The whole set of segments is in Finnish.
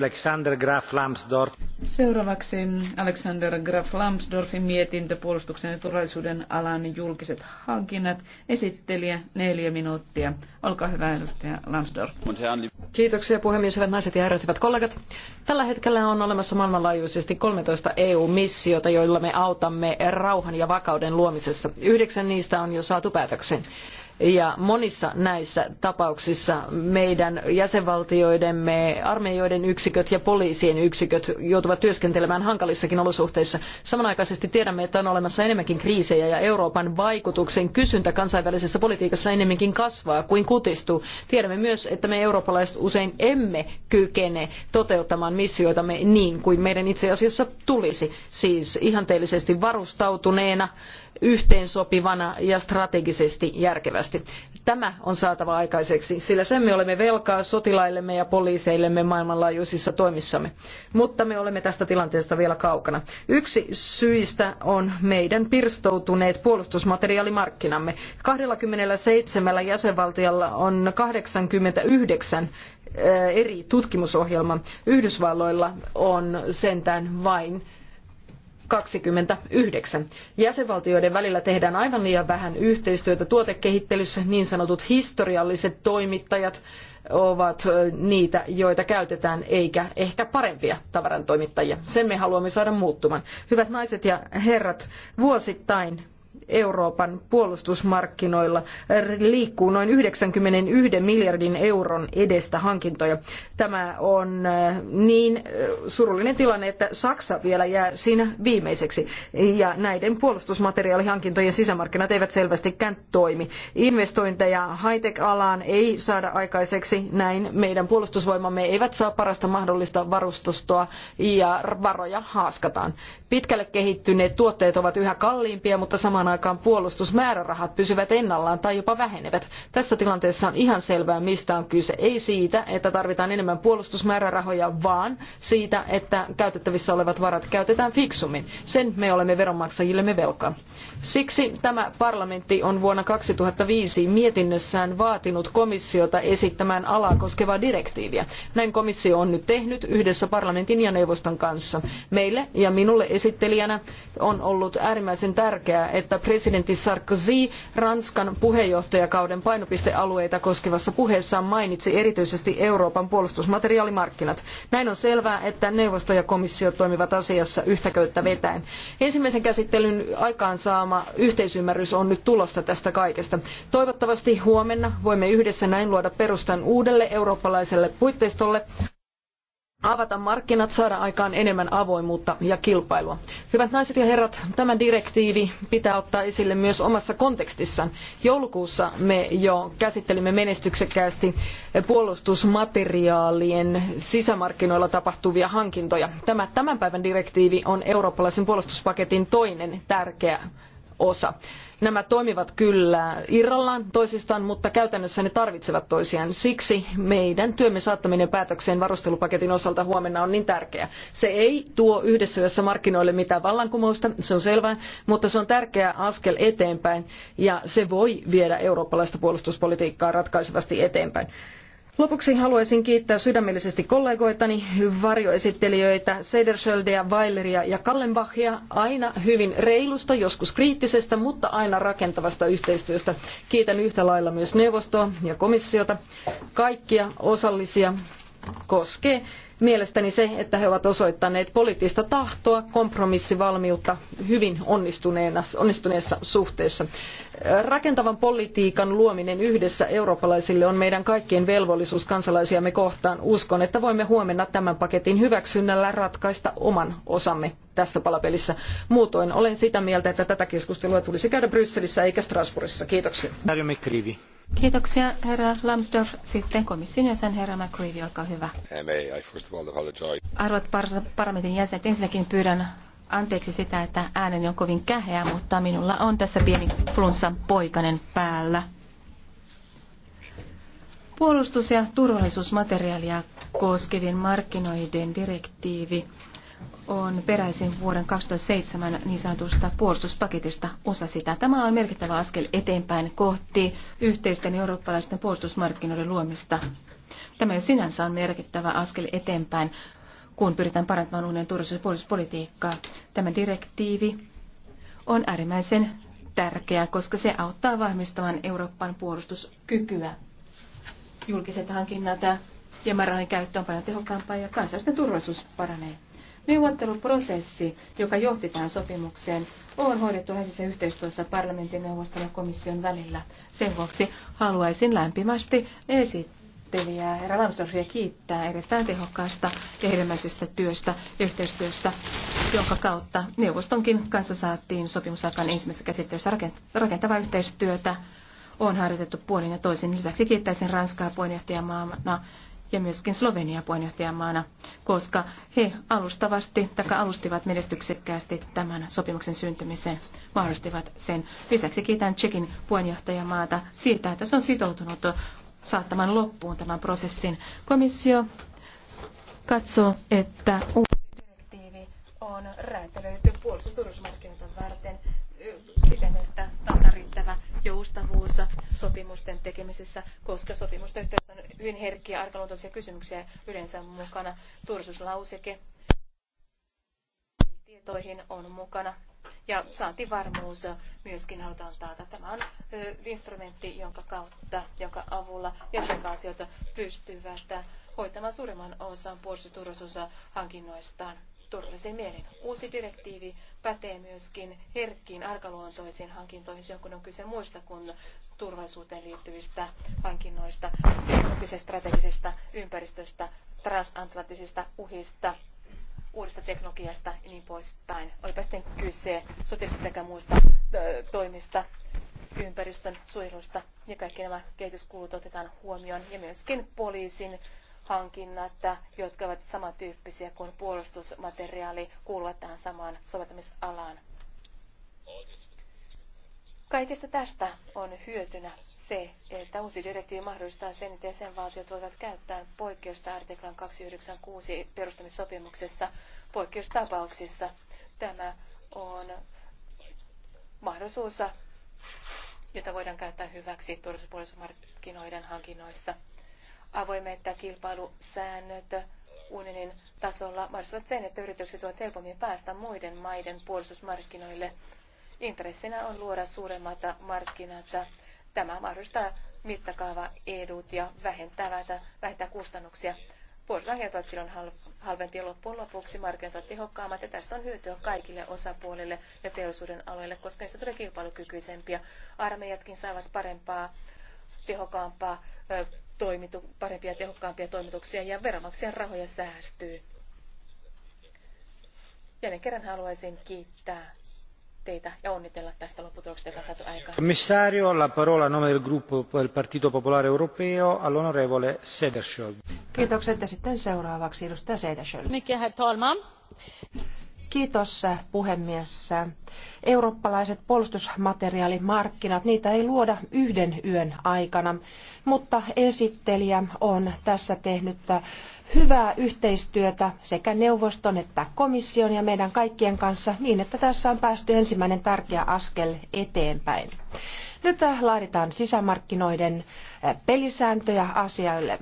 Alexander Graf Lambsdorff. Seuraavaksi Alexander Graf Lambsdorffin mietintö puolustuksen ja turvallisuuden alan julkiset hankinnat. Esittelijä neljä minuuttia. Olkaa hyvä, edustaja Lambsdorff. Kiitoksia puhemies, hyvät naiset ja herrat, hyvät kollegat. Tällä hetkellä on olemassa maailmanlaajuisesti 13 EU-missiota, joilla me autamme rauhan ja vakauden luomisessa. Yhdeksän niistä on jo saatu päätöksen ja monissa näissä tapauksissa meidän jäsenvaltioidemme armeijoiden yksiköt ja poliisien yksiköt joutuvat työskentelemään hankalissakin olosuhteissa. Samanaikaisesti tiedämme, että on olemassa enemmänkin kriisejä ja Euroopan vaikutuksen kysyntä kansainvälisessä politiikassa enemmänkin kasvaa kuin kutistuu. Tiedämme myös, että me eurooppalaiset usein emme kykene toteuttamaan missioitamme niin kuin meidän itse asiassa tulisi, siis ihanteellisesti varustautuneena yhteensopivana ja strategisesti järkevästi. Tämä on saatava aikaiseksi, sillä sen me olemme velkaa sotilaillemme ja poliiseillemme maailmanlaajuisissa toimissamme. Mutta me olemme tästä tilanteesta vielä kaukana. Yksi syistä on meidän pirstoutuneet puolustusmateriaalimarkkinamme. 27 jäsenvaltiolla on 89 eh, eri tutkimusohjelma. Yhdysvalloilla on sentään vain 29. Jäsenvaltioiden välillä tehdään aivan liian vähän yhteistyötä tuotekehittelyssä. Niin sanotut historialliset toimittajat ovat niitä, joita käytetään, eikä ehkä parempia tavarantoimittajia. Sen me haluamme saada muuttumaan. Hyvät naiset ja herrat, vuosittain Euroopan puolustusmarkkinoilla liikkuu noin 91 miljardin euron edestä hankintoja. Tämä on eh, niin eh, surullinen tilanne, että Saksa vielä jää siinä viimeiseksi. Ja näiden puolustusmateriaalihankintojen sisämarkkinat eivät selvästikään toimi. Investointeja high-tech-alaan ei saada aikaiseksi, näin meidän puolustusvoimamme eivät saa parasta mahdollista varustustoa ja varoja haaskataan. Pitkälle kehittyneet tuotteet ovat yhä kalliimpia, mutta samaan aikaan puolustusmäärärahat pysyvät ennallaan tai jopa vähenevät. Tässä tilanteessa on ihan selvää, mistä on kyse. Ei siitä, että tarvitaan enemmän puolustusmäärärahoja, vaan siitä, että käytettävissä olevat varat käytetään fiksummin. Sen me olemme veronmaksajillemme velkaa. Siksi tämä parlamentti on vuonna 2005 mietinnössään vaatinut komissiota esittämään alaa koskevaa direktiiviä. Näin komissio on nyt tehnyt yhdessä parlamentin ja neuvoston kanssa. Meille ja minulle esittelijänä on ollut äärimmäisen tärkeää, että presidentti Sarkozy Ranskan puheenjohtajakauden painopistealueita koskevassa puheessaan mainitsi erityisesti Euroopan puolustusmateriaalimarkkinat. Näin on selvää, että neuvosto ja komissio toimivat asiassa yhtä köyttä vetäen. Ensimmäisen käsittelyn aikaansaama yhteisymmärrys on nyt tulosta tästä kaikesta. Toivottavasti huomenna voimme yhdessä näin luoda perustan uudelle eurooppalaiselle puitteistolle, avata markkinat, saada aikaan enemmän avoimuutta ja kilpailua. Hyvät naiset ja herrat, tämä direktiivi pitää ottaa esille myös omassa kontekstissaan. Joulukuussa me jo käsittelimme menestyksekkäästi puolustusmateriaalien sisämarkkinoilla tapahtuvia hankintoja. Tämä tämän päivän direktiivi on eurooppalaisen puolustuspaketin toinen tärkeä osa. Nämä toimivat kyllä irrallaan toisistaan, mutta käytännössä ne tarvitsevat toisiaan. Siksi meidän työmme saattaminen päätökseen varustelupaketin osalta huomenna on niin tärkeää. Se ei tuo yhdessä yössä markkinoille mitään vallankumousta, se on selvää, mutta se on tärkeä askel eteenpäin ja se voi viedä eurooppalaista puolustuspolitiikkaa ratkaisevasti eteenpäin. Lopuksi haluaisin kiittää sydämellisesti kollegoitani, varjoesittelijöitä, Sederschöldeä, Weileria ja Kallenbachia aina hyvin reilusta, joskus kriittisestä, mutta aina rakentavasta yhteistyöstä. Kiitän yhtä lailla myös neuvostoa ja komissiota, kaikkia osallisia koskee Mielestäni se, että he ovat osoittaneet poliittista tahtoa, kompromissivalmiutta hyvin onnistuneessa suhteessa. Rakentavan politiikan luominen yhdessä eurooppalaisille on meidän kaikkien velvollisuus kansalaisiamme kohtaan. Uskon, että voimme huomenna tämän paketin hyväksynnällä ratkaista oman osamme tässä palapelissä. Muutoin olen sitä mieltä, että tätä keskustelua tulisi käydä Brysselissä eikä Strasbourgissa. Kiitoksia. Kiitoksia, herra Lambsdorff. Sitten komission jäsen, herra McCreevy, olkaa hyvä. Arvot parlamentin jäsenet, ensinnäkin pyydän anteeksi sitä, että ääneni on kovin käheä, mutta minulla on tässä pieni flunssan poikanen päällä. Puolustus- ja turvallisuusmateriaalia koskevien markkinoiden direktiivi on peräisin vuoden 2007 niin sanotusta puolustuspaketista osa sitä. Tämä on merkittävä askel eteenpäin kohti yhteisten eurooppalaisten puolustusmarkkinoiden luomista. Tämä jo sinänsä on merkittävä askel eteenpäin, kun pyritään parantamaan unionin turvallisuus- ja puolustuspolitiikkaa. Tämä direktiivi on äärimmäisen tärkeä, koska se auttaa vahvistamaan Euroopan puolustuskykyä. Julkiset hankinnat ja määrärahojen käyttö on paljon tehokkaampaa ja kansallisten turvallisuus paranee. Neuvotteluprosessi, joka johti tähän sopimukseen, on hoidettu läheisessä yhteistyössä parlamentin neuvoston ja komission välillä. Sen vuoksi haluaisin lämpimästi esittelijää herra Lambsdorffia kiittää erittäin tehokkaasta ja hedelmäisestä työstä ja yhteistyöstä, jonka kautta neuvostonkin kanssa saatiin sopimusaikaan ensimmäisessä käsittelyssä rakentavaa yhteistyötä on harjoitettu puolin ja toisin. Lisäksi kiittäisin Ranskaa puheenjohtajamaana ja myöskin Slovenia puheenjohtajamaana, koska he alustavasti tai alustivat menestyksekkäästi tämän sopimuksen syntymisen, mahdollistivat sen. Lisäksi kiitän Tsekin puheenjohtajamaata siitä, että se on sitoutunut saattamaan loppuun tämän prosessin. Komissio katsoo, että uusi direktiivi on räätälöity puolustusturvallisuusmarkkinoita joustavuus sopimusten tekemisessä, koska sopimusten yhteydessä on hyvin herkkiä arkaluontoisia kysymyksiä yleensä mukana. Turvallisuuslauseke tietoihin on mukana ja saantivarmuus myöskin halutaan taata. Tämä on instrumentti, jonka kautta, jonka avulla jäsenvaltiot pystyvät hoitamaan suurimman osan puolustusturvallisuushankinnoistaan turvallisin mielin. Uusi direktiivi pätee myöskin herkkiin arkaluontoisiin hankintoihin, silloin kun on kyse muista kuin turvallisuuteen liittyvistä hankinnoista, kyse strategisesta ympäristöstä, transatlanttisista uhista, uudesta teknologiasta ja niin poispäin. Olipa sitten kyse sotilaisista tai muista toimista, ympäristön suojelusta ja kaikki nämä kehityskulut otetaan huomioon ja myöskin poliisin hankinnat, jotka ovat samantyyppisiä kuin puolustusmateriaali, kuuluvat tähän samaan soveltamisalaan. Kaikesta tästä on hyötynä se, että uusi direktiivi mahdollistaa sen, että jäsenvaltiot voivat käyttää poikkeusta artiklan 296 perustamissopimuksessa poikkeustapauksissa. Tämä on mahdollisuus, jota voidaan käyttää hyväksi turvallisuusmarkkinoiden hankinnoissa avoimet kilpailusäännöt unionin tasolla mahdollistavat sen, että yritykset voivat helpommin päästä muiden maiden puolustusmarkkinoille. Intressinä on luoda suuremmat markkinat. Tämä mahdollistaa mittakaava edut ja vähentää kustannuksia. Puolustusmarkkinat ovat silloin halvempia loppujen lopuksi, markkinat ovat tehokkaammat ja tästä on hyötyä kaikille osapuolille ja teollisuuden aloille, koska niistä tulee kilpailukykyisempiä. Armeijatkin saavat parempaa, tehokkaampaa toimitu, parempia ja tehokkaampia toimituksia ja veronmaksajan rahoja säästyy. Jälleen kerran haluaisin kiittää teitä ja onnitella tästä lopputuloksesta, joka on saatu aikaan. Commissario, la parola nome del gruppo del Partito Popolare Europeo all'onorevole Sederschiöld. Kiitokset ja sitten seuraavaksi edustaja Sederschiöld. Mikä herr talman. Kiitos puhemies. Eurooppalaiset puolustusmateriaalimarkkinat, niitä ei luoda yhden yön aikana, mutta esittelijä on tässä tehnyt hyvää yhteistyötä sekä neuvoston että komission ja meidän kaikkien kanssa niin, että tässä on päästy ensimmäinen tärkeä askel eteenpäin. Nyt laaditaan sisämarkkinoiden pelisääntöjä asioille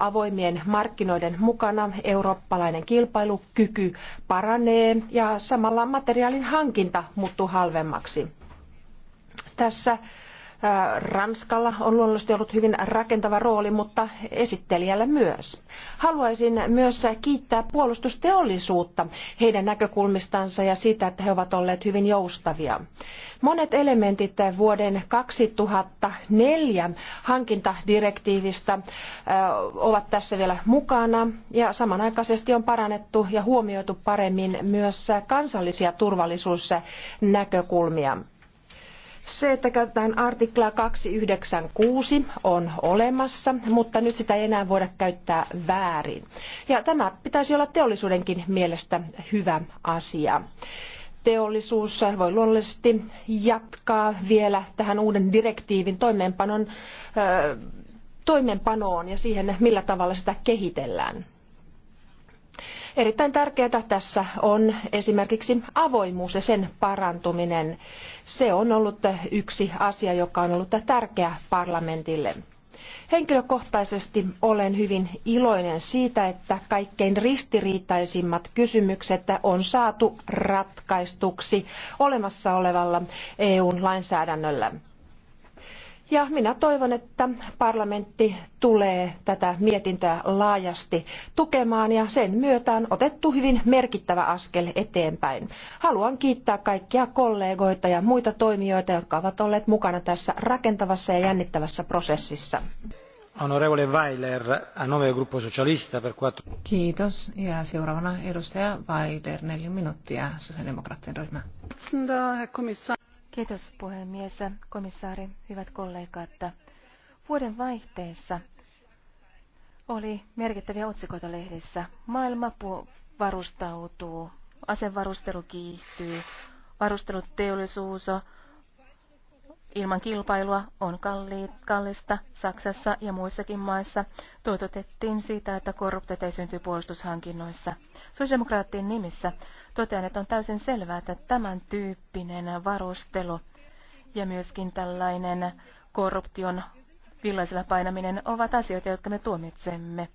avoimien markkinoiden mukana eurooppalainen kilpailukyky paranee ja samalla materiaalin hankinta muuttuu halvemmaksi. Tässä Ranskalla on luonnollisesti ollut hyvin rakentava rooli, mutta esittelijällä myös. Haluaisin myös kiittää puolustusteollisuutta heidän näkökulmistansa ja siitä, että he ovat olleet hyvin joustavia. Monet elementit vuoden 2004 hankintadirektiivistä ovat tässä vielä mukana ja samanaikaisesti on parannettu ja huomioitu paremmin myös kansallisia turvallisuusnäkökulmia. Se, että käytetään artiklaa 296 on olemassa, mutta nyt sitä ei enää voida käyttää väärin. Ja tämä pitäisi olla teollisuudenkin mielestä hyvä asia teollisuus voi luonnollisesti jatkaa vielä tähän uuden direktiivin toimeenpanon, toimeenpanoon ja siihen, millä tavalla sitä kehitellään. Erittäin tärkeää tässä on esimerkiksi avoimuus ja sen parantuminen. Se on ollut yksi asia, joka on ollut tärkeä parlamentille. Henkilökohtaisesti olen hyvin iloinen siitä, että kaikkein ristiriitaisimmat kysymykset on saatu ratkaistuksi olemassa olevalla eu lainsäädännöllä. Ja minä toivon, että parlamentti tulee tätä mietintöä laajasti tukemaan ja sen myötä on otettu hyvin merkittävä askel eteenpäin. Haluan kiittää kaikkia kollegoita ja muita toimijoita, jotka ovat olleet mukana tässä rakentavassa ja jännittävässä prosessissa. Onorevole Weiler, a nome gruppo socialista per quattro... Kiitos. Ja seuraavana edustaja Weiler, neljä minuuttia, sosiaalidemokraattien ryhmä. Kiitos puhemies, komissaari, hyvät kollegat. Vuoden vaihteessa oli merkittäviä otsikoita lehdissä. Maailma varustautuu, asevarustelu kiihtyy, varusteluteollisuus ilman kilpailua on kallista Saksassa ja muissakin maissa. Toitotettiin siitä, että korruptiota ei synty puolustushankinnoissa. Sosiaalidemokraattien nimissä totean, että on täysin selvää, että tämän tyyppinen varustelu ja myöskin tällainen korruption villaisella painaminen ovat asioita, jotka me tuomitsemme.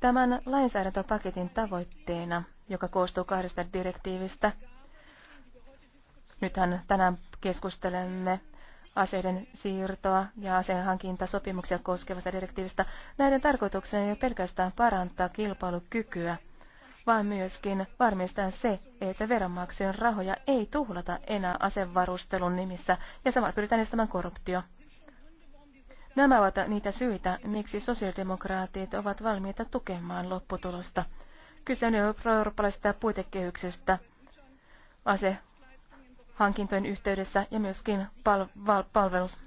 Tämän lainsäädäntöpaketin tavoitteena, joka koostuu kahdesta direktiivistä, nythän tänään keskustelemme aseiden siirtoa ja aseen hankintasopimuksia koskevasta direktiivistä. Näiden tarkoituksena ei ole pelkästään parantaa kilpailukykyä, vaan myöskin varmistaa se, että veronmaksajien rahoja ei tuhlata enää asevarustelun nimissä ja samalla pyritään estämään korruptio. Nämä ovat niitä syitä, miksi sosiaalidemokraatit ovat valmiita tukemaan lopputulosta. Kyse on eurooppalaisesta puitekehyksestä ase hankintojen yhteydessä ja myöskin pal- val- palvelus-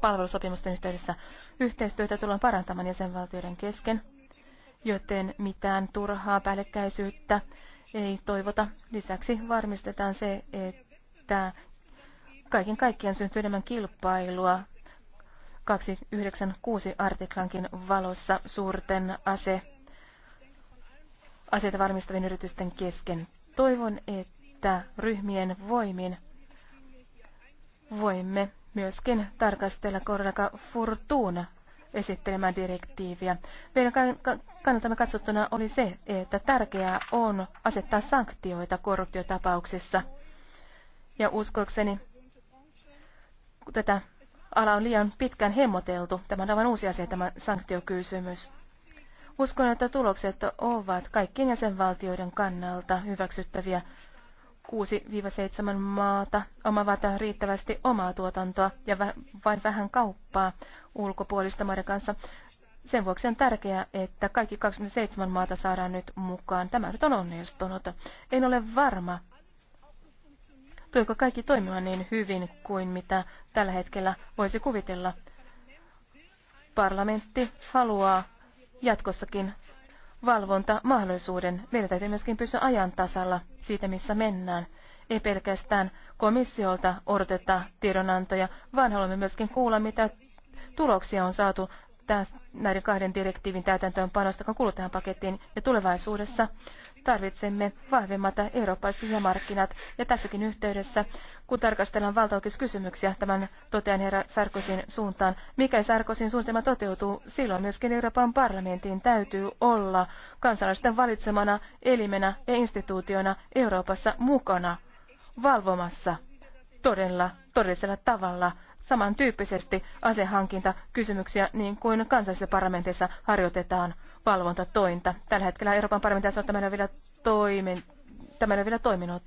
palvelusopimusten yhteydessä. Yhteistyötä tullaan parantamaan jäsenvaltioiden kesken, joten mitään turhaa päällekkäisyyttä ei toivota. Lisäksi varmistetaan se, että kaiken kaikkiaan syntyy enemmän kilpailua 296 artiklankin valossa suurten ase, aseita varmistavien yritysten kesken. Toivon, että ryhmien voimin voimme myöskin tarkastella kollega Fortuna esittelemään direktiiviä. Meidän kannaltamme katsottuna oli se, että tärkeää on asettaa sanktioita korruptiotapauksissa. Ja uskokseni tätä ala on liian pitkään hemmoteltu. Tämä on aivan uusi asia, tämä sanktiokysymys. Uskon, että tulokset ovat kaikkien jäsenvaltioiden kannalta hyväksyttäviä 6-7 maata omavat riittävästi omaa tuotantoa ja vain vähän kauppaa ulkopuolista maiden kanssa. Sen vuoksi on tärkeää, että kaikki 27 maata saadaan nyt mukaan. Tämä nyt on onnistunut. En ole varma, tuliko kaikki toimimaan niin hyvin kuin mitä tällä hetkellä voisi kuvitella. Parlamentti haluaa jatkossakin valvontamahdollisuuden. Meidän täytyy myöskin pysyä ajan tasalla siitä, missä mennään. Ei pelkästään komissiolta odoteta tiedonantoja, vaan haluamme myöskin kuulla, mitä tuloksia on saatu näiden kahden direktiivin täytäntöönpanosta, kun pakettiin ja tulevaisuudessa tarvitsemme vahvemmat eurooppalaiset sisämarkkinat. Ja tässäkin yhteydessä, kun tarkastellaan valtaoikeuskysymyksiä tämän totean herra Sarkosin suuntaan, mikä Sarkosin suunnitelma toteutuu, silloin myöskin Euroopan parlamentin täytyy olla kansalaisten valitsemana elimenä ja instituutiona Euroopassa mukana valvomassa todella, todellisella tavalla samantyyppisesti asehankintakysymyksiä niin kuin kansallisessa parlamentissa harjoitetaan valvontatointa. Tällä hetkellä Euroopan parlamentissa tämä ei vielä, toimi, vielä toiminut.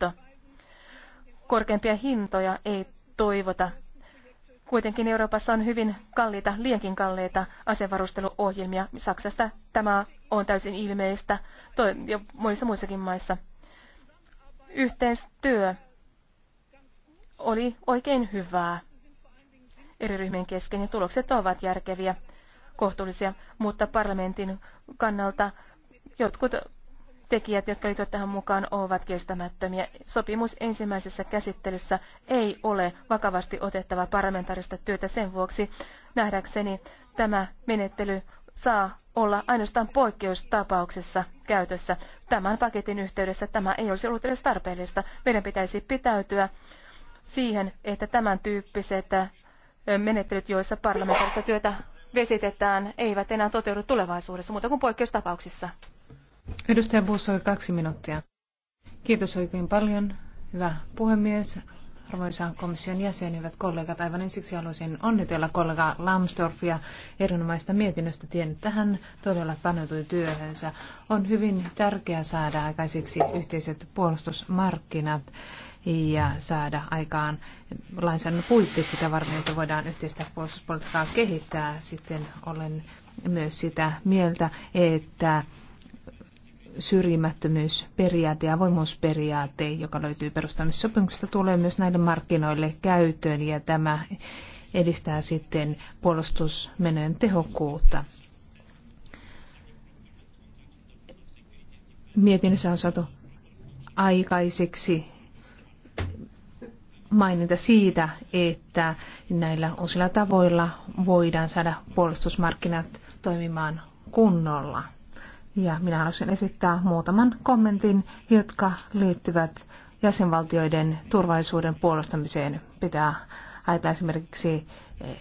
Korkeimpia hintoja ei toivota. Kuitenkin Euroopassa on hyvin kalliita, liiankin kalliita asevarusteluohjelmia. Saksasta tämä on täysin ilmeistä ja muissa muissakin maissa. Yhteistyö oli oikein hyvää eri ryhmien kesken ja tulokset ovat järkeviä, kohtuullisia, mutta parlamentin kannalta jotkut tekijät, jotka liittyvät tähän mukaan, ovat kestämättömiä. Sopimus ensimmäisessä käsittelyssä ei ole vakavasti otettava parlamentaarista työtä sen vuoksi. Nähdäkseni tämä menettely saa olla ainoastaan poikkeustapauksessa käytössä. Tämän paketin yhteydessä tämä ei olisi ollut edes tarpeellista. Meidän pitäisi pitäytyä siihen, että tämän tyyppiset menettelyt, joissa parlamentaarista työtä vesitetään, eivät enää toteudu tulevaisuudessa, muuta kuin poikkeustapauksissa. Edustaja Busso, kaksi minuuttia. Kiitos oikein paljon. Hyvä puhemies, arvoisa komission jäsen, hyvät kollegat. Aivan ensiksi haluaisin onnitella kollega Lamstorfia erinomaista mietinnöstä. tien tähän todella paneutui työhönsä. On hyvin tärkeää saada aikaiseksi yhteiset puolustusmarkkinat ja saada aikaan lainsäädännön puitteet sitä varten, että voidaan yhteistä puolustuspolitiikkaa kehittää. Sitten olen myös sitä mieltä, että syrjimättömyysperiaate ja voimuusperiaate, joka löytyy perustamissopimuksesta, tulee myös näille markkinoille käyttöön ja tämä edistää sitten puolustusmenojen tehokkuutta. Mietinnössä on saatu aikaiseksi maininta siitä, että näillä uusilla tavoilla voidaan saada puolustusmarkkinat toimimaan kunnolla. Ja minä haluaisin esittää muutaman kommentin, jotka liittyvät jäsenvaltioiden turvallisuuden puolustamiseen. Pitää ajatella esimerkiksi eh,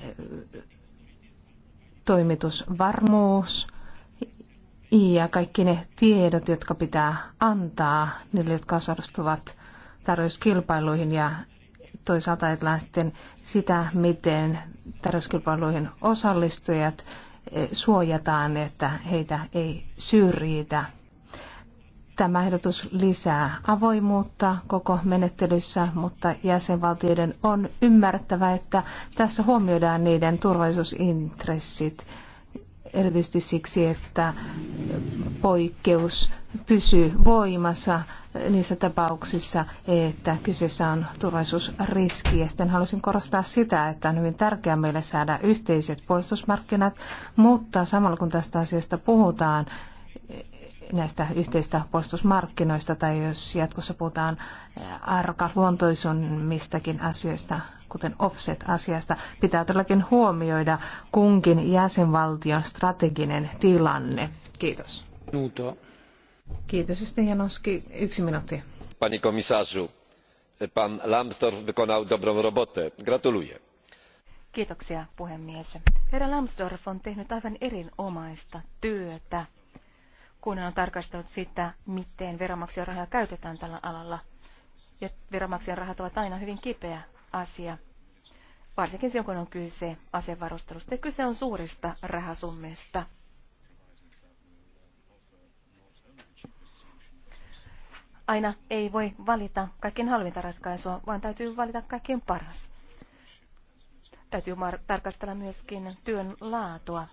toimitusvarmuus ja kaikki ne tiedot, jotka pitää antaa niille, jotka osallistuvat tarjouskilpailuihin ja toisaalta ajatellaan sitten sitä, miten tarjouskilpailuihin osallistujat eh, suojataan, että heitä ei syrjitä. Tämä ehdotus lisää avoimuutta koko menettelyssä, mutta jäsenvaltioiden on ymmärrettävä, että tässä huomioidaan niiden turvallisuusintressit erityisesti siksi, että poikkeus pysyy voimassa niissä tapauksissa, että kyseessä on turvallisuusriski. Ja sitten haluaisin korostaa sitä, että on hyvin tärkeää meille saada yhteiset puolustusmarkkinat, mutta samalla kun tästä asiasta puhutaan, näistä yhteistä puolustusmarkkinoista tai jos jatkossa puhutaan arka mistäkin asioista, kuten offset-asiasta, pitää todellakin huomioida kunkin jäsenvaltion strateginen tilanne. Kiitos. Nuuto. Kiitos. Sitten Janoski, yksi minuutti. Pani komisarzu, pan Lambsdorff wykonał dobrą robotę. Gratuluję. Kiitoksia, puhemies. Herra Lambsdorff on tehnyt aivan erinomaista työtä kun on tarkastellut sitä, miten veronmaksajan rahaa käytetään tällä alalla. Ja veronmaksajan rahat ovat aina hyvin kipeä asia, varsinkin silloin, kun on kyse asevarustelusta. Ja kyse on suurista rahasummista. Aina ei voi valita kaikkien halvinta ratkaisua, vaan täytyy valita kaikkien paras. Täytyy tarkastella myöskin työn laatua.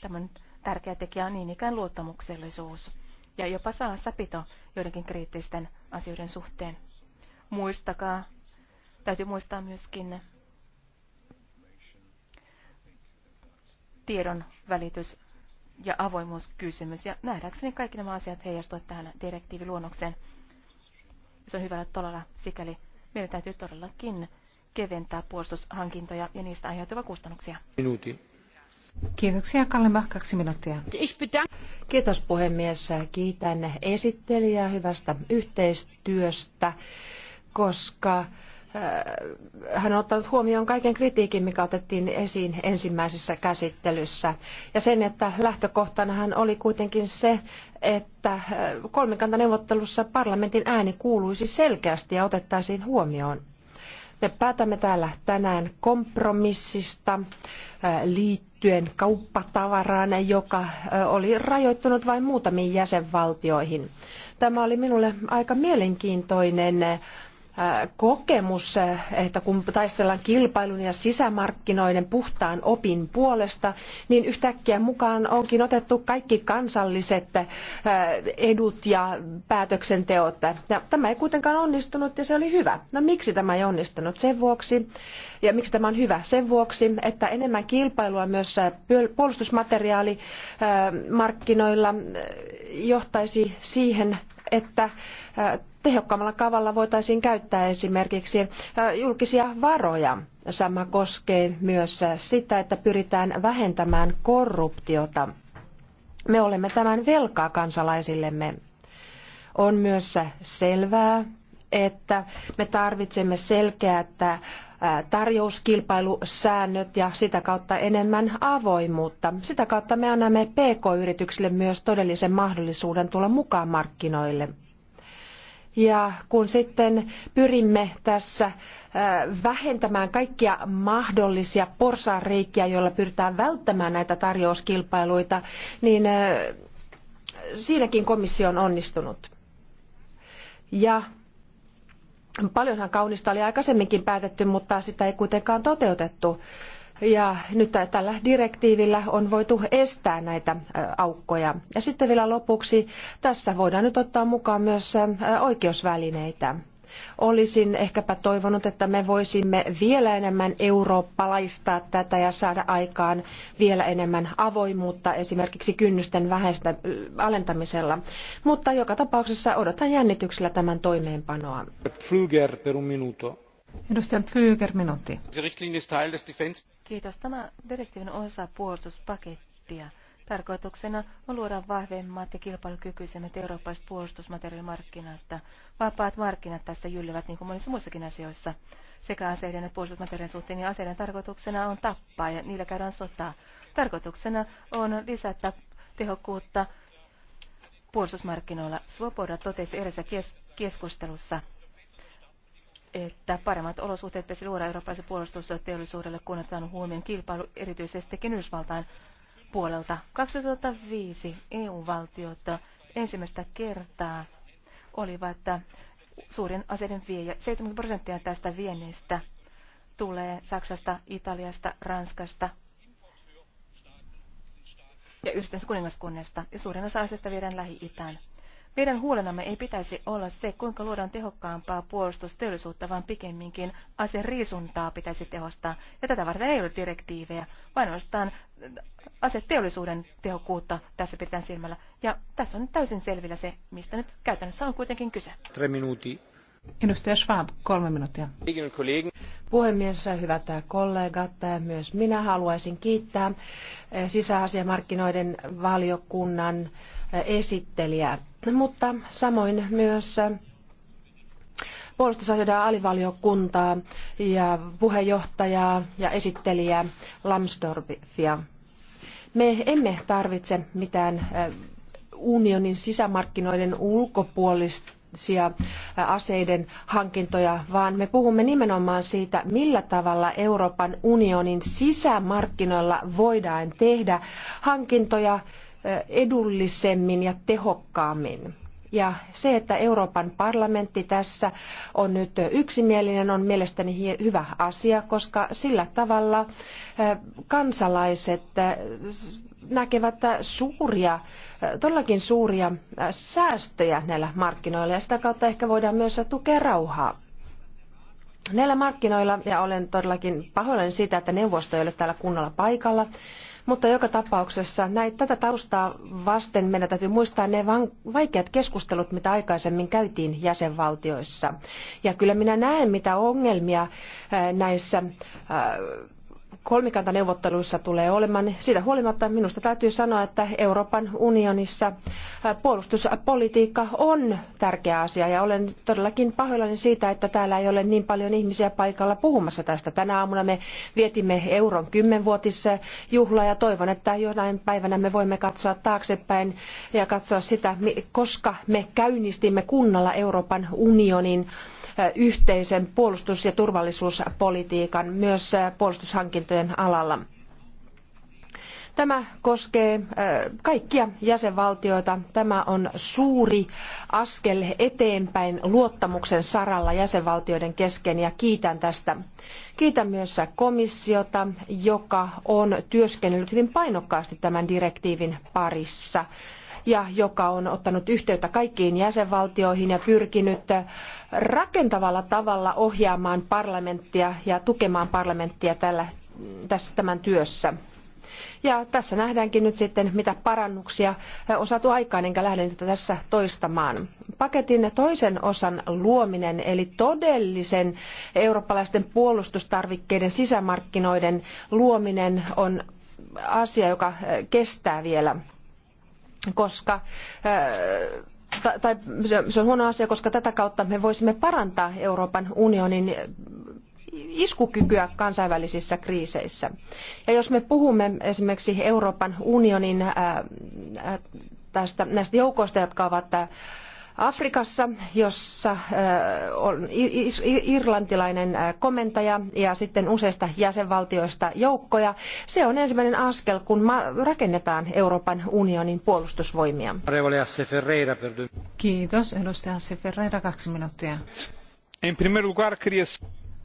Tämän Tärkeä tekijä on niin ikään luottamuksellisuus ja jopa salassapito joidenkin kriittisten asioiden suhteen. Muistakaa, täytyy muistaa myöskin tiedon välitys ja avoimuuskysymys. Ja nähdäkseni kaikki nämä asiat heijastuvat tähän direktiiviluonnokseen. Se on hyvällä tolalla, sikäli meidän täytyy todellakin keventää puolustushankintoja ja niistä aiheutuvia kustannuksia. Minuutin. Kiitoksia, Kallenbach, kaksi minuuttia. Kiitos puhemies. Kiitän esittelijää hyvästä yhteistyöstä, koska äh, hän on ottanut huomioon kaiken kritiikin, mikä otettiin esiin ensimmäisessä käsittelyssä. Ja sen, että lähtökohtana hän oli kuitenkin se, että äh, kolmikantaneuvottelussa parlamentin ääni kuuluisi selkeästi ja otettaisiin huomioon. Me päätämme täällä tänään kompromissista äh, liittyen liittyen kauppatavaraan, joka oli rajoittunut vain muutamiin jäsenvaltioihin. Tämä oli minulle aika mielenkiintoinen kokemus, että kun taistellaan kilpailun ja sisämarkkinoiden puhtaan opin puolesta, niin yhtäkkiä mukaan onkin otettu kaikki kansalliset edut ja päätöksenteot. Ja tämä ei kuitenkaan onnistunut ja se oli hyvä. No miksi tämä ei onnistunut? Sen vuoksi, ja miksi tämä on hyvä? Sen vuoksi, että enemmän kilpailua myös puolustusmateriaalimarkkinoilla johtaisi siihen, että tehokkaammalla tavalla voitaisiin käyttää esimerkiksi julkisia varoja. Sama koskee myös sitä, että pyritään vähentämään korruptiota. Me olemme tämän velkaa kansalaisillemme. On myös selvää, että me tarvitsemme selkeät tarjouskilpailusäännöt ja sitä kautta enemmän avoimuutta. Sitä kautta me annamme PK-yrityksille myös todellisen mahdollisuuden tulla mukaan markkinoille. Ja kun sitten pyrimme tässä äh, vähentämään kaikkia mahdollisia porsaanreikiä, joilla pyritään välttämään näitä tarjouskilpailuita, niin äh, siinäkin komissio on onnistunut. Ja paljonhan kaunista oli aikaisemminkin päätetty, mutta sitä ei kuitenkaan toteutettu. Ja nyt tällä direktiivillä on voitu estää näitä aukkoja. Ja sitten vielä lopuksi, tässä voidaan nyt ottaa mukaan myös oikeusvälineitä. Olisin ehkäpä toivonut, että me voisimme vielä enemmän eurooppalaistaa tätä ja saada aikaan vielä enemmän avoimuutta esimerkiksi kynnysten vähäistä alentamisella. Mutta joka tapauksessa odotan jännityksellä tämän toimeenpanoa. Pflüger per un minuto. Edustaja Pflüger, minuutti. Kiitos. Tämä direktiivin osa puolustuspakettia. Tarkoituksena on luoda vahvemmat ja kilpailukykyisemmät eurooppalaiset puolustusmateriaalimarkkinat. Vapaat markkinat tässä jyllivät niin kuin monissa muissakin asioissa. Sekä aseiden että puolustusmateriaalien suhteen ja aseiden tarkoituksena on tappaa ja niillä käydään sotaa. Tarkoituksena on lisätä tehokkuutta puolustusmarkkinoilla. Svoboda totesi erässä keskustelussa että paremmat olosuhteet pitäisi luoda eurooppalaisen puolustusteollisuudelle, kun otetaan huomioon kilpailu erityisestikin Yhdysvaltain puolelta. 2005 EU-valtiot ensimmäistä kertaa olivat suurin aseiden viejä. 70 prosenttia tästä viennistä tulee Saksasta, Italiasta, Ranskasta ja yhdistyneestä kuningaskunnasta, ja suurin osa aseista viedään Lähi-Itään. Meidän huolenamme ei pitäisi olla se, kuinka luodaan tehokkaampaa puolustusteollisuutta, vaan pikemminkin aseriisuntaa pitäisi tehostaa. Ja tätä varten ei ole direktiivejä, vaan ainoastaan aseteollisuuden tehokkuutta tässä pidetään silmällä. Ja tässä on täysin selvillä se, mistä nyt käytännössä on kuitenkin kyse. Tre Edustaja Schwab, kolme minuuttia. Puhemies, hyvät kollegat, myös minä haluaisin kiittää sisäasiamarkkinoiden valiokunnan esittelijää mutta samoin myös äh, puolustusasioiden alivaliokuntaa ja puheenjohtajaa ja esittelijää Lambsdorffia. Me emme tarvitse mitään äh, unionin sisämarkkinoiden ulkopuolisia äh, aseiden hankintoja, vaan me puhumme nimenomaan siitä, millä tavalla Euroopan unionin sisämarkkinoilla voidaan tehdä hankintoja edullisemmin ja tehokkaammin. Ja se, että Euroopan parlamentti tässä on nyt yksimielinen, on mielestäni hyvä asia, koska sillä tavalla kansalaiset näkevät suuria, todellakin suuria säästöjä näillä markkinoilla ja sitä kautta ehkä voidaan myös tukea rauhaa. Näillä markkinoilla, ja olen todellakin pahoillani siitä, että neuvosto ei ole täällä kunnolla paikalla, mutta joka tapauksessa näitä, tätä taustaa vasten meidän täytyy muistaa ne vaikeat keskustelut, mitä aikaisemmin käytiin jäsenvaltioissa. Ja kyllä minä näen, mitä ongelmia äh, näissä äh, kolmikantaneuvotteluissa tulee olemaan. Siitä huolimatta minusta täytyy sanoa, että Euroopan unionissa puolustuspolitiikka on tärkeä asia ja olen todellakin pahoillani siitä, että täällä ei ole niin paljon ihmisiä paikalla puhumassa tästä. Tänä aamuna me vietimme euron kymmenvuotisjuhlaa ja toivon, että jonain päivänä me voimme katsoa taaksepäin ja katsoa sitä, koska me käynnistimme kunnolla Euroopan unionin yhteisen puolustus- ja turvallisuuspolitiikan myös puolustushankintojen alalla. Tämä koskee kaikkia jäsenvaltioita. Tämä on suuri askel eteenpäin luottamuksen saralla jäsenvaltioiden kesken ja kiitän tästä. Kiitän myös komissiota, joka on työskennellyt hyvin painokkaasti tämän direktiivin parissa ja joka on ottanut yhteyttä kaikkiin jäsenvaltioihin ja pyrkinyt rakentavalla tavalla ohjaamaan parlamenttia ja tukemaan parlamenttia tällä, tässä, tämän työssä. Ja tässä nähdäänkin nyt sitten, mitä parannuksia on saatu aikaan, enkä lähde niitä tässä toistamaan. Paketin toisen osan luominen, eli todellisen eurooppalaisten puolustustarvikkeiden sisämarkkinoiden luominen on asia, joka kestää vielä koska äh, tai se on huono asia, koska tätä kautta me voisimme parantaa Euroopan unionin iskukykyä kansainvälisissä kriiseissä. Ja jos me puhumme esimerkiksi Euroopan unionin äh, äh, tästä, näistä joukoista, jotka ovat Afrikassa, jossa äh, on irlantilainen äh, komentaja ja sitten useista jäsenvaltioista joukkoja. Se on ensimmäinen askel, kun rakennetaan Euroopan unionin puolustusvoimia. Kiitos. Edustaja Seferreira, kaksi minuuttia.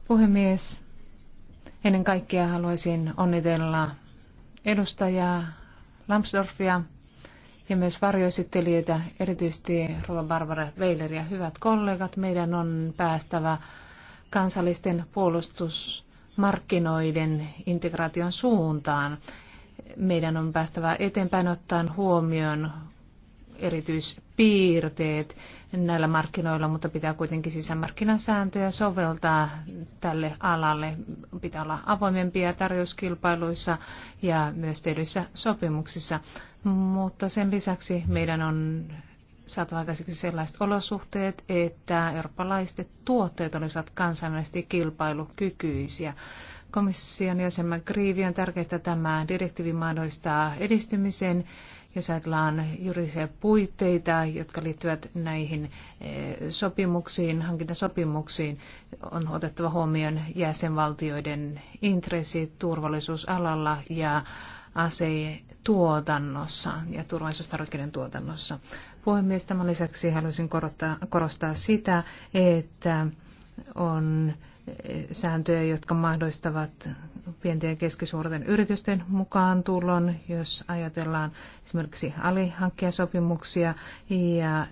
Puhemies, ennen kaikkea haluaisin onnitella edustajaa Lambsdorffia ja myös varjoesittelijöitä, erityisesti Rova Barbara Weiler ja hyvät kollegat. Meidän on päästävä kansallisten puolustusmarkkinoiden integraation suuntaan. Meidän on päästävä eteenpäin ottaen huomioon erityispiirteet näillä markkinoilla, mutta pitää kuitenkin sisämarkkinasääntöjä soveltaa tälle alalle. Pitää olla avoimempia tarjouskilpailuissa ja myös tehdyissä sopimuksissa, mutta sen lisäksi meidän on saatu aikaiseksi sellaiset olosuhteet, että eurooppalaiset tuotteet olisivat kansainvälisesti kilpailukykyisiä. Komission jäsen kriivi on tärkeää, että tämä direktiivi mahdollistaa edistymisen jos ajatellaan juridisia puitteita, jotka liittyvät näihin eh, sopimuksiin, hankintasopimuksiin, on otettava huomioon jäsenvaltioiden intressit turvallisuusalalla ja asetuotannossa ja turvallisuustarvikkeiden tuotannossa. Puhemies, tämän lisäksi haluaisin korostaa, korostaa sitä, että on sääntöjä, jotka mahdollistavat pienten ja keskisuurten yritysten mukaan tulon, jos ajatellaan esimerkiksi alihankkijasopimuksia ja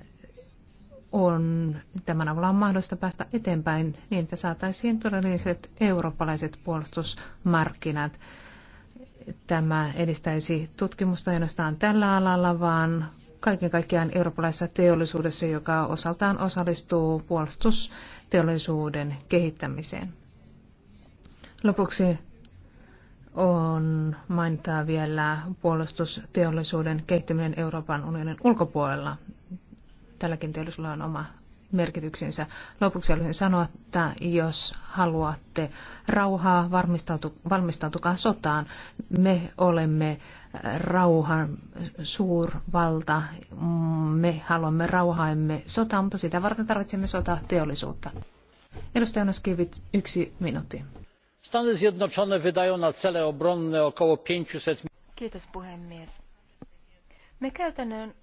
on, tämän avulla on mahdollista päästä eteenpäin niin, että saataisiin todelliset eurooppalaiset puolustusmarkkinat. Tämä edistäisi tutkimusta ainoastaan tällä alalla, vaan kaiken kaikkiaan eurooppalaisessa teollisuudessa, joka osaltaan osallistuu puolustus- teollisuuden kehittämiseen. Lopuksi on mainittaa vielä puolustusteollisuuden kehittyminen Euroopan unionin ulkopuolella. Tälläkin teollisuudella on oma merkityksensä. Lopuksi haluaisin sanoa, että jos haluatte rauhaa, valmistautukaa sotaan. Me olemme rauhan suurvalta. Me haluamme rauhaa, emme sotaa, mutta sitä varten tarvitsemme teollisuutta. Edustaja Naskiewicz, yksi minuutti. Stany Zjednoczone wydają na cele obronne około 500... Kiitos puhemies. Me käytämme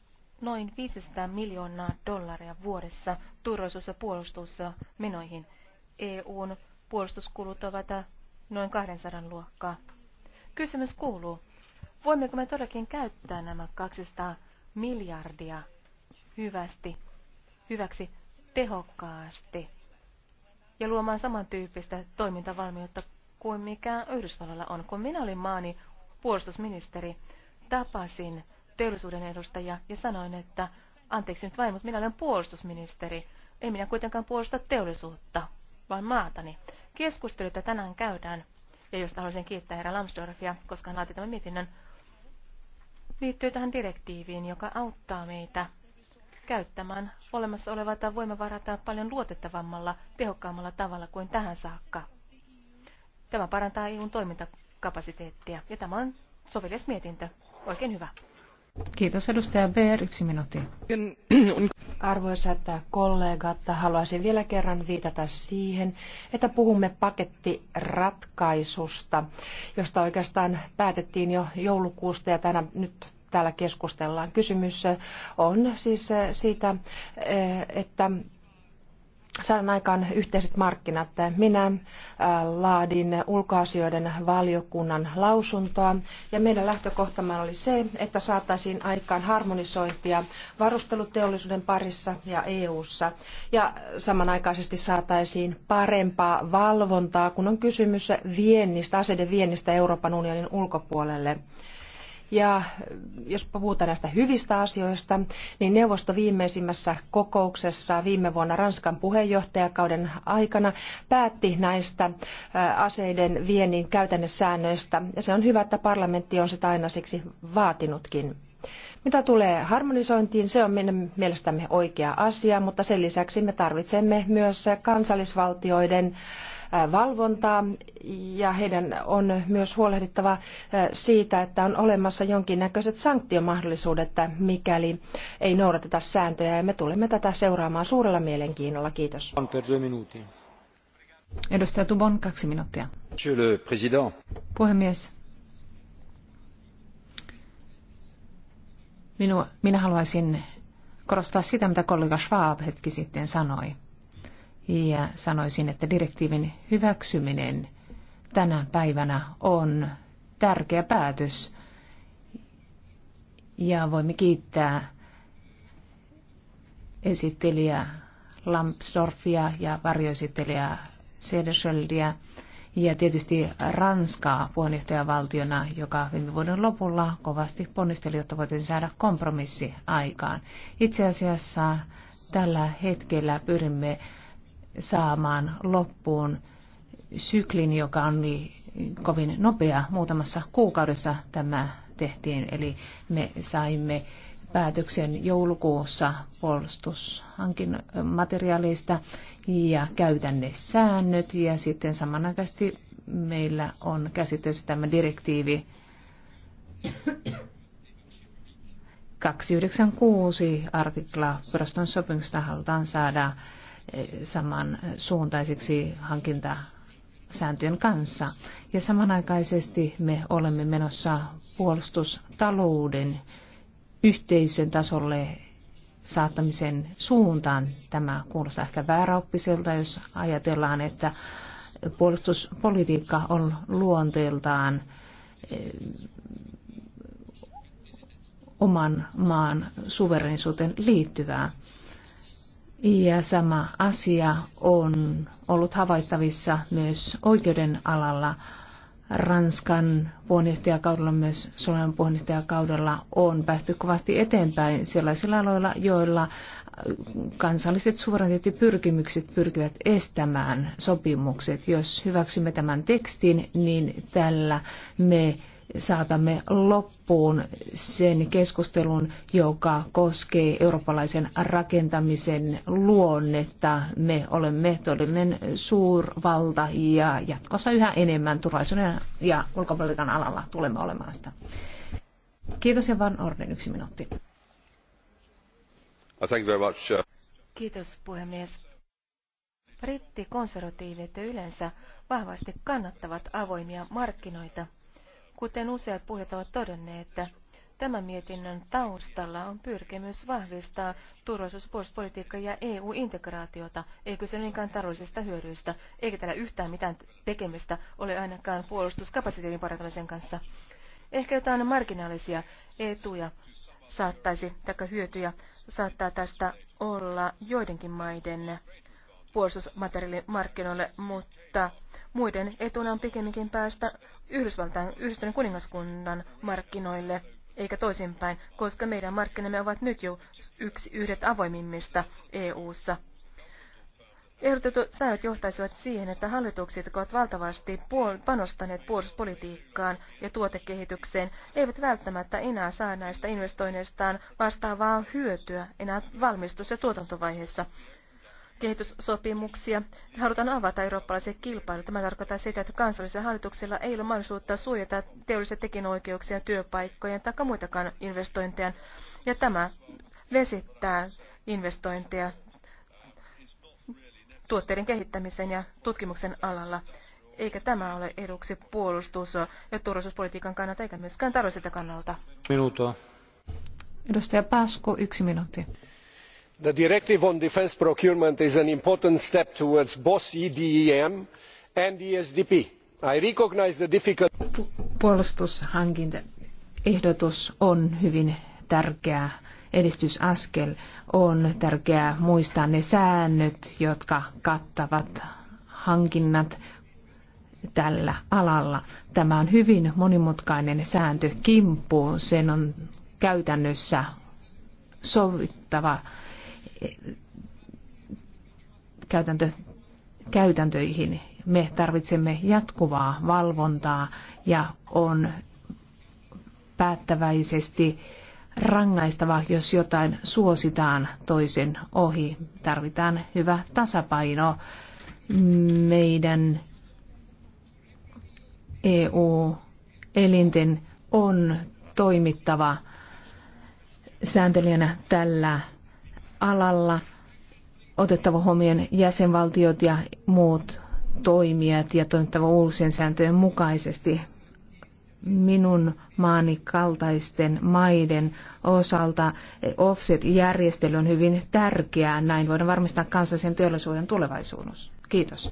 noin 500 miljoonaa dollaria vuodessa turvallisuus- ja puolustusmenoihin. EUn puolustuskulut ovat noin 200 luokkaa. Kysymys kuuluu, Voimmeko me todellakin käyttää nämä 200 miljardia hyvästi, hyväksi tehokkaasti ja luomaan samantyyppistä toimintavalmiutta kuin mikä Yhdysvalloilla on. Kun minä olin maani puolustusministeri, tapasin teollisuuden edustajia ja sanoin, että anteeksi nyt vain, mutta minä olen puolustusministeri. Ei minä kuitenkaan puolusta teollisuutta, vaan maatani. Keskustelut tänään käydään, ja josta haluaisin kiittää herra Lamsdorfia, koska hän laati tämän mietinnön, liittyy tähän direktiiviin, joka auttaa meitä käyttämään olemassa olevat voimavarat paljon luotettavammalla, tehokkaammalla tavalla kuin tähän saakka. Tämä parantaa EUn toimintakapasiteettia ja tämä on sovelias mietintö. Oikein hyvä. Kiitos edustaja BR, yksi minuutti. Arvoisat kollegat, haluaisin vielä kerran viitata siihen, että puhumme pakettiratkaisusta, josta oikeastaan päätettiin jo joulukuusta ja tänä nyt täällä keskustellaan. Kysymys on siis eh, siitä, eh, että saadaan aikaan yhteiset markkinat. Minä eh, laadin ulkoasioiden valiokunnan lausuntoa ja meidän lähtökohtamme oli se, että saataisiin aikaan harmonisointia varusteluteollisuuden parissa ja EU:ssa ja samanaikaisesti saataisiin parempaa valvontaa, kun on kysymys viennistä, aseiden viennistä Euroopan unionin ulkopuolelle. Ja jos puhutaan näistä hyvistä asioista, niin neuvosto viimeisimmässä kokouksessa viime vuonna Ranskan puheenjohtajakauden aikana päätti näistä aseiden viennin käytännössäännöistä. Ja se on hyvä, että parlamentti on sitä aina siksi vaatinutkin. Mitä tulee harmonisointiin, se on meidän mielestämme oikea asia, mutta sen lisäksi me tarvitsemme myös kansallisvaltioiden äh, valvontaa ja heidän on myös huolehdittava siitä, että on olemassa jonkinnäköiset sanktiomahdollisuudet, mikäli ei noudateta sääntöjä ja me tulemme tätä seuraamaan suurella mielenkiinnolla. Kiitos. Edustaja Tubon, kaksi minuuttia. Puhemies, minua, minä haluaisin korostaa sitä, mitä kollega Schwab hetki sitten sanoi. Ja sanoisin, että direktiivin hyväksyminen tänä päivänä on tärkeä päätös. Ja voimme kiittää esittelijä Lampsdorfia ja varjoesittelijä Sederschöldiä ja tietysti Ranskaa puheenjohtajavaltiona, joka viime vuoden lopulla kovasti ponnisteli, jotta voitaisiin saada kompromissi aikaan. Itse asiassa tällä hetkellä pyrimme saamaan loppuun syklin, joka on niin kovin nopea. Muutamassa kuukaudessa tämä tehtiin, eli me saimme päätöksen joulukuussa puolustushankin materiaaleista ja käytännessäännöt ja sitten samanaikaisesti meillä on käsittelyssä tämä direktiivi 296 artikla Proston sopimuksesta halutaan saada samansuuntaisiksi hankintasääntöjen kanssa. Ja samanaikaisesti me olemme menossa puolustustalouden yhteisön tasolle saattamisen suuntaan. Tämä kuulostaa ehkä vääräoppiselta, jos ajatellaan, että puolustuspolitiikka on luonteeltaan eh, oman maan suverenisuuteen liittyvää. Ja sama asia on ollut havaittavissa myös oikeuden alalla. Ranskan puheenjohtajakaudella, myös Suomen puheenjohtajakaudella on päästy kovasti eteenpäin sellaisilla aloilla, joilla kansalliset suvereniteettipyrkimykset pyrkivät estämään sopimukset. Jos hyväksymme tämän tekstin, niin tällä me saatamme loppuun sen keskustelun, joka koskee eurooppalaisen rakentamisen luonnetta. Me olemme todellinen suurvalta ja jatkossa yhä enemmän turvallisuuden ja ulkopolitiikan alalla tulemme olemaan sitä. Kiitos ja Van Orden yksi minuutti. Thank you very much. Uh, Kiitos puhemies. Brittikonservatiivit yleensä vahvasti kannattavat avoimia markkinoita – Kuten useat puhujat ovat todenneet, että tämän mietinnön taustalla on pyrkimys vahvistaa turvallisuus- ja puolustuspolitiikkaa ja EU-integraatiota. Ei kyse niinkään taloudellisista hyödyistä, eikä tällä yhtään mitään tekemistä ole ainakaan puolustuskapasiteetin parantamisen kanssa. Ehkä jotain marginaalisia etuja saattaisi, tai hyötyjä saattaa tästä olla joidenkin maiden puolustusmateriaalimarkkinoille, mutta muiden etuna on pikemminkin päästä Yhdysvaltain, Yhdistyneen kuningaskunnan markkinoille, eikä toisinpäin, koska meidän markkinamme ovat nyt jo yksi yhdet avoimimmista EU-ssa. Ehdotetut säännöt johtaisivat siihen, että hallitukset, jotka ovat valtavasti panostaneet puolustuspolitiikkaan ja tuotekehitykseen, eivät välttämättä enää saa näistä investoinneistaan vastaavaa hyötyä enää valmistus- ja tuotantovaiheessa kehityssopimuksia. Halutaan avata eurooppalaisia kilpailuja. Tämä tarkoittaa sitä, että kansallisilla hallituksilla ei ole mahdollisuutta suojata teollisia tekinoikeuksia, työpaikkojen tai muitakaan investointeja. Ja tämä vesittää investointeja tuotteiden kehittämisen ja tutkimuksen alalla. Eikä tämä ole eduksi puolustus- ja turvallisuuspolitiikan kannalta eikä myöskään taloudelliselta kannalta. Minuutua. Edustaja Pasku, yksi minuutti the directive on defence procurement is an important step towards both edem and esdp. i recognise the difficult puolustushankintaehdotus on hyvin tärkeä edistysaskel. On tärkeää muistaa ne säännöt, jotka kattavat hankinnat tällä alalla. Tämä on hyvin monimutkainen sääntö Sen on käytännössä sovittava käytäntö, käytäntöihin. Me tarvitsemme jatkuvaa valvontaa ja on päättäväisesti rangaistava, jos jotain suositaan toisen ohi. Tarvitaan hyvä tasapaino meidän EU-elinten on toimittava sääntelijänä tällä alalla otettava huomioon jäsenvaltiot ja muut toimijat ja toimittava uusien sääntöjen mukaisesti. Minun maani kaltaisten maiden osalta offset-järjestely on hyvin tärkeää. Näin voidaan varmistaa kansallisen teollisuuden tulevaisuus. Kiitos.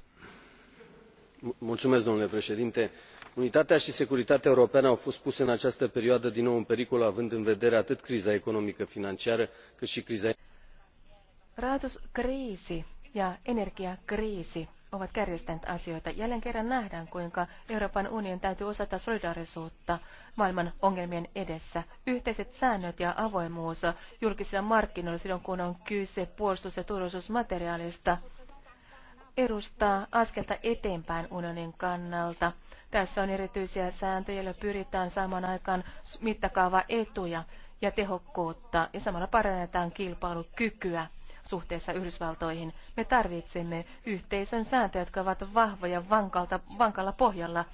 Mulțumesc, domnule președinte unitatea și securitatea europeană au fost puse în această perioadă din nou în pericol având în vedere atât criza economică financiară cât și criza. Rahoituskriisi ja energiakriisi ovat kärjistäneet asioita. Jälleen kerran nähdään, kuinka Euroopan unionin täytyy osata solidaarisuutta maailman ongelmien edessä. Yhteiset säännöt ja avoimuus julkisilla markkinoilla silloin, kun on kyse puolustus- ja turvallisuusmateriaalista, edustaa askelta eteenpäin unionin kannalta. Tässä on erityisiä sääntöjä, joilla pyritään saamaan aikaan mittakaava etuja ja tehokkuutta ja samalla parannetaan kilpailukykyä suhteessa Yhdysvaltoihin. Me tarvitsemme yhteisön sääntöjä, jotka ovat vahvoja vankalta, vankalla pohjalla,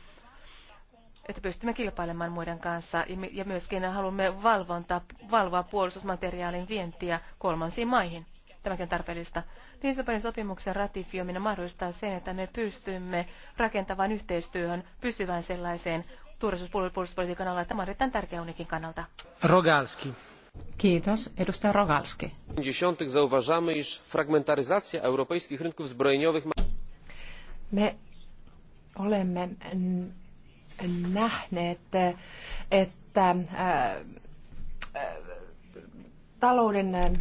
että pystymme kilpailemaan muiden kanssa. Ja myöskin haluamme valvonta, valvoa puolustusmateriaalin vientiä kolmansiin maihin. Tämäkin on tarpeellista. Lissabonin sopimuksen ratifioiminen mahdollistaa sen, että me pystymme rakentavaan yhteistyöhön, pysyvään sellaiseen turvallisuuspuolustuspolitiikan ja alla. Tämä on erittäin tärkeä unikin kannalta. Rogalski. Kiitos. Edustaja Rogalski. 90. zauważamy, iż fragmentaryzacja europejskich rynków zbrojeniowych... Me olemme nähneet, että talouden äh,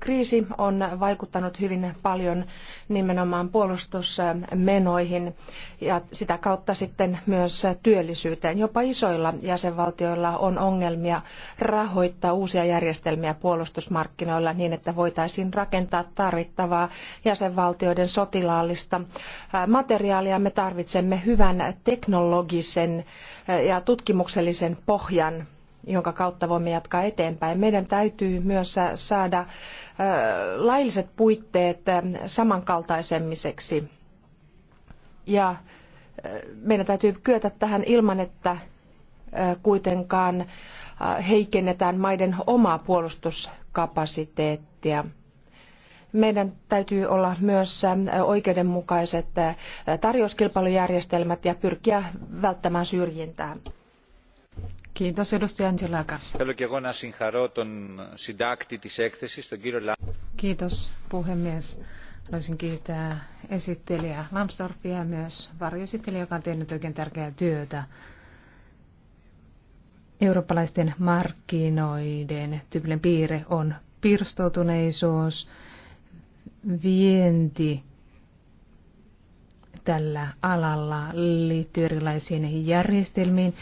kriisi on vaikuttanut hyvin paljon nimenomaan puolustusmenoihin ja sitä kautta sitten myös työllisyyteen. Jopa isoilla jäsenvaltioilla on ongelmia rahoittaa uusia järjestelmiä puolustusmarkkinoilla niin, että voitaisiin rakentaa tarvittavaa jäsenvaltioiden sotilaallista äh, materiaalia. Me tarvitsemme hyvän teknologisen äh, ja tutkimuksellisen pohjan jonka kautta voimme jatkaa eteenpäin. Meidän täytyy myös saada lailliset puitteet samankaltaisemmiseksi. Ja meidän täytyy kyetä tähän ilman, että kuitenkaan heikennetään maiden omaa puolustuskapasiteettia. Meidän täytyy olla myös oikeudenmukaiset tarjouskilpailujärjestelmät ja pyrkiä välttämään syrjintää. Kiitos edustaja Angelakas. Kiitos puhemies. Haluaisin kiittää esittelijä Lambsdorffia ja myös varjoesittelijä, joka on tehnyt oikein tärkeää työtä eurooppalaisten markkinoiden tyypillinen piirre on pirstoutuneisuus, vienti tällä alalla liittyy erilaisiin järjestelmiin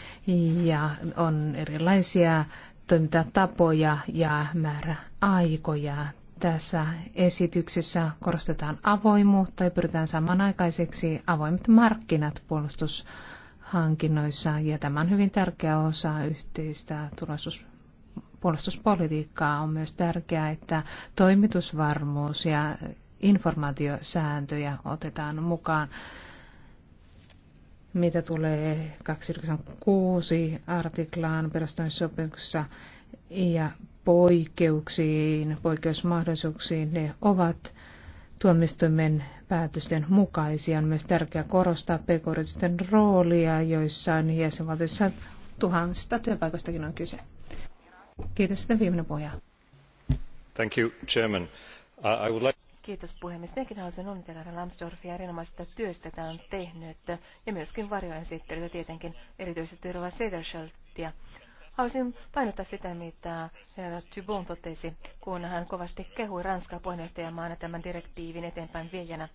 ja on erilaisia toimintatapoja ja määräaikoja. Tässä esityksessä korostetaan avoimuutta ja pyritään samanaikaiseksi avoimet markkinat puolustushankinnoissa ja tämä on hyvin tärkeä osa yhteistä turvallisuus puolustuspolitiikkaa on myös tärkeää, että toimitusvarmuus ja informaatiosääntöjä otetaan mukaan. Mitä tulee 296 artiklaan perustamissopimuksessa ja poikkeuksiin, poikkeusmahdollisuuksiin, ne ovat tuomistuimen päätösten mukaisia. On myös tärkeää korostaa pk roolia, on jäsenvaltioissa tuhansista työpaikoistakin on kyse. Kiitos. Sitten viimeinen puhuja. Thank you, Chairman. I would like... Kiitos puhemies. Minäkin haluaisin onnitella Lambsdorffia erinomaisesta työstä jota on tehnyt ja myöskin varjoesittelyä tietenkin erityisesti Rova Sederscheltia. Haluaisin painottaa sitä, mitä herra Tybon totesi, kun hän kovasti kehui Ranskaa puheenjohtajamaana tämän direktiivin eteenpäin viejänä.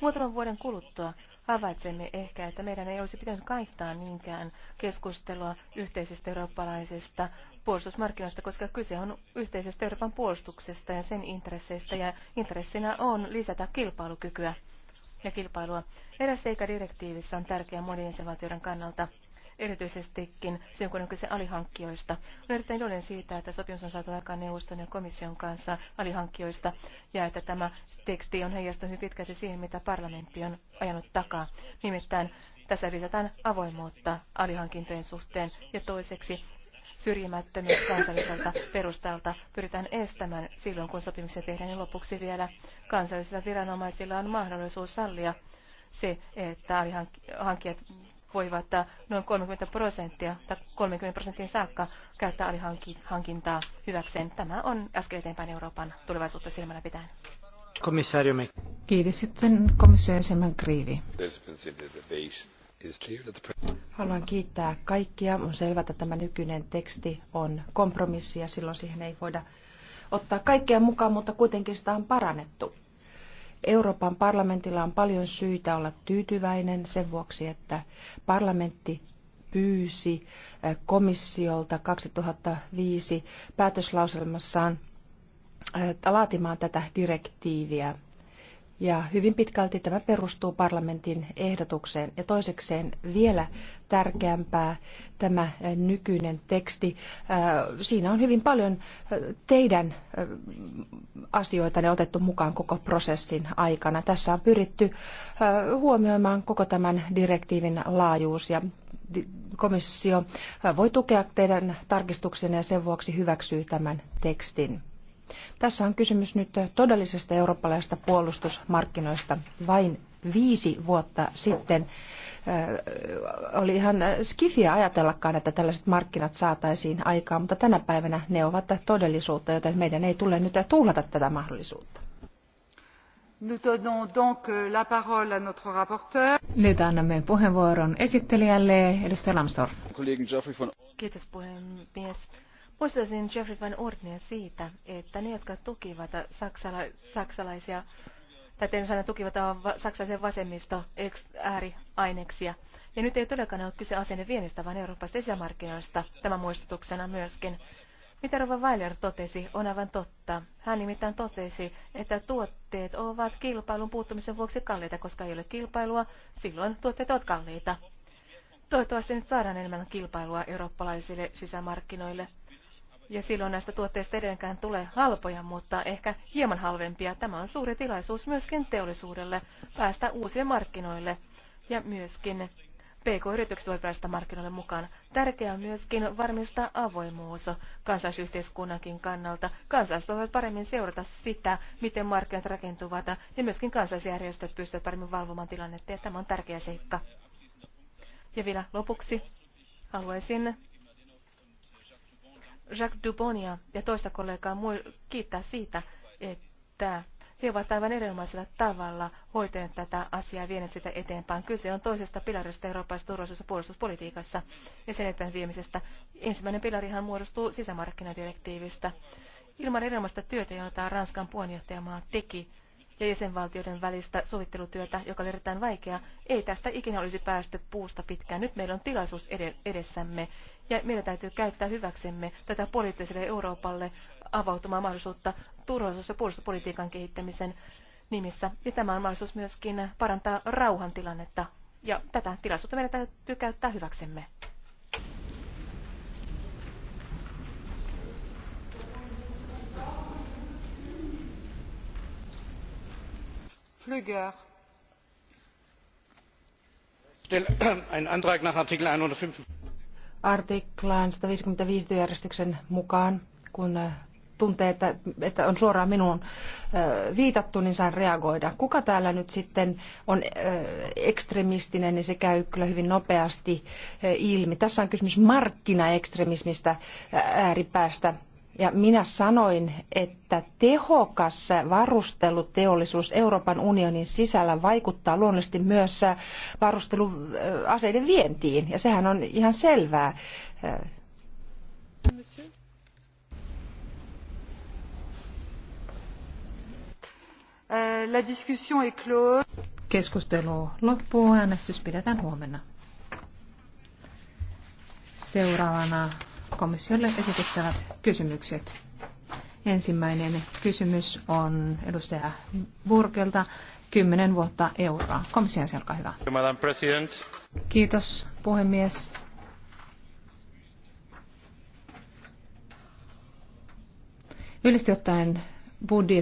Muutaman vuoden kuluttua havaitsemme ehkä, että meidän ei olisi pitänyt kaihtaa niinkään keskustelua yhteisestä eurooppalaisesta puolustusmarkkinoista, koska kyse on yhteisestä Euroopan puolustuksesta ja sen intresseistä, ja intressinä on lisätä kilpailukykyä ja kilpailua. Eräs seikka direktiivissä on tärkeä monien jäsenvaltioiden kannalta erityisestikin silloin, kun on kyse alihankkijoista. Olen erittäin iloinen siitä, että sopimus on saatu aikaan neuvoston ja komission kanssa alihankkijoista ja että tämä teksti on heijastunut hyvin pitkälti siihen, mitä parlamentti on ajanut takaa. Nimittäin tässä lisätään avoimuutta alihankintojen suhteen ja toiseksi syrjimättömyys kansalliselta perustalta pyritään estämään silloin, kun sopimuksia tehdään ja lopuksi vielä kansallisilla viranomaisilla on mahdollisuus sallia se, että alihankkijat voivat äh, noin 30 prosenttia tai 30 prosentin saakka käyttää alihankintaa hyväkseen. Tämä on askel eteenpäin Euroopan tulevaisuutta silmällä pitäen. Komissaario Kiitos sitten komissioesimen Kriivi. Haluan kiittää kaikkia. On selvää, että tämä nykyinen teksti on kompromissi ja silloin siihen ei voida ottaa kaikkea mukaan, mutta kuitenkin sitä on parannettu. Euroopan parlamentilla on paljon syitä olla tyytyväinen sen vuoksi, että parlamentti pyysi eh, komissiolta 2005 päätöslauselmassaan eh, laatimaan tätä direktiiviä ja hyvin pitkälti tämä perustuu parlamentin ehdotukseen. Ja toisekseen vielä tärkeämpää tämä nykyinen teksti. Siinä on hyvin paljon teidän asioitanne otettu mukaan koko prosessin aikana. Tässä on pyritty huomioimaan koko tämän direktiivin laajuus ja komissio voi tukea teidän tarkistuksenne ja sen vuoksi hyväksyy tämän tekstin. Tässä on kysymys nyt todellisesta eurooppalaisesta puolustusmarkkinoista. Vain viisi vuotta sitten äh, oli ihan skifiä ajatellakaan, että tällaiset markkinat saataisiin aikaan, mutta tänä päivänä ne ovat todellisuutta, joten meidän ei tule nyt tuhlata tätä mahdollisuutta. Euh, nyt annamme puheenvuoron esittelijälle, edustaja Lamstor. Kiitos puhemies Muistaisin Jeffrey Van Ordnia siitä, että ne, jotka tukivat saksala, saksalaisia, tai en sano tukivat saksalaisia vasemmisto ääriaineksia. Ja nyt ei todellakaan ole kyse asenne viennistä, vaan Euroopasta sisämarkkinoista, tämä muistutuksena myöskin. Mitä Rova Weiler totesi, on aivan totta. Hän nimittäin totesi, että tuotteet ovat kilpailun puuttumisen vuoksi kalliita, koska ei ole kilpailua, silloin tuotteet ovat kalliita. Toivottavasti nyt saadaan enemmän kilpailua eurooppalaisille sisämarkkinoille – ja silloin näistä tuotteista edelleenkään tulee halpoja, mutta ehkä hieman halvempia. Tämä on suuri tilaisuus myöskin teollisuudelle päästä uusille markkinoille ja myöskin PK-yritykset voi päästä markkinoille mukaan. Tärkeää on myöskin varmistaa avoimuus kansalaisyhteiskunnankin kannalta. Kansalaiset voivat paremmin seurata sitä, miten markkinat rakentuvat ja myöskin kansalaisjärjestöt pystyvät paremmin valvomaan tilannetta ja tämä on tärkeä seikka. Ja vielä lopuksi haluaisin Jacques Dubonia ja toista kollegaa kiittää siitä, että he ovat aivan erinomaisella tavalla hoitaneet tätä asiaa ja vieneet sitä eteenpäin. Kyse on toisesta pilarista eurooppalaisessa turvallisuus- ja puolustuspolitiikassa ja sen eteenpäin viemisestä. Ensimmäinen pilarihan muodostuu sisämarkkinadirektiivistä. Ilman erinomaista työtä, jota Ranskan puheenjohtajamaa teki, ja jäsenvaltioiden välistä sovittelutyötä, joka oli erittäin vaikeaa, ei tästä ikinä olisi päästy puusta pitkään. Nyt meillä on tilaisuus edessämme ja meidän täytyy käyttää hyväksemme tätä poliittiselle Euroopalle avautumaa mahdollisuutta turvallisuus- ja puolustuspolitiikan kehittämisen nimissä. Ja tämä on mahdollisuus myöskin parantaa rauhantilannetta ja tätä tilaisuutta meidän täytyy käyttää hyväksemme. artiklan sataviisikymmentäviisi työjärjestyksen mukaan kun äh, tuntee että, että on suoraan minuun äh, viitattu, niin saan reagoida. Kuka täällä nyt sitten on äh, ekstremistinen, niin se käy kyllä hyvin nopeasti ilmi. Tässä on kysymys markkinaekstremismistä, ääripäästä ja minä sanoin, että tehokas varusteluteollisuus Euroopan unionin sisällä vaikuttaa luonnollisesti myös varusteluaseiden äh, vientiin. Ja sehän on ihan selvää. Äh, la discussion est close. Keskustelu loppuu. Äänestys pidetään huomenna. Seuraavana komissiolle esitettävät kysymykset. Ensimmäinen kysymys on edustaja Burkelta. Kymmenen vuotta euroa. Komission selkä hyvä. Kiitos puhemies. Yleisesti ottaen budjetti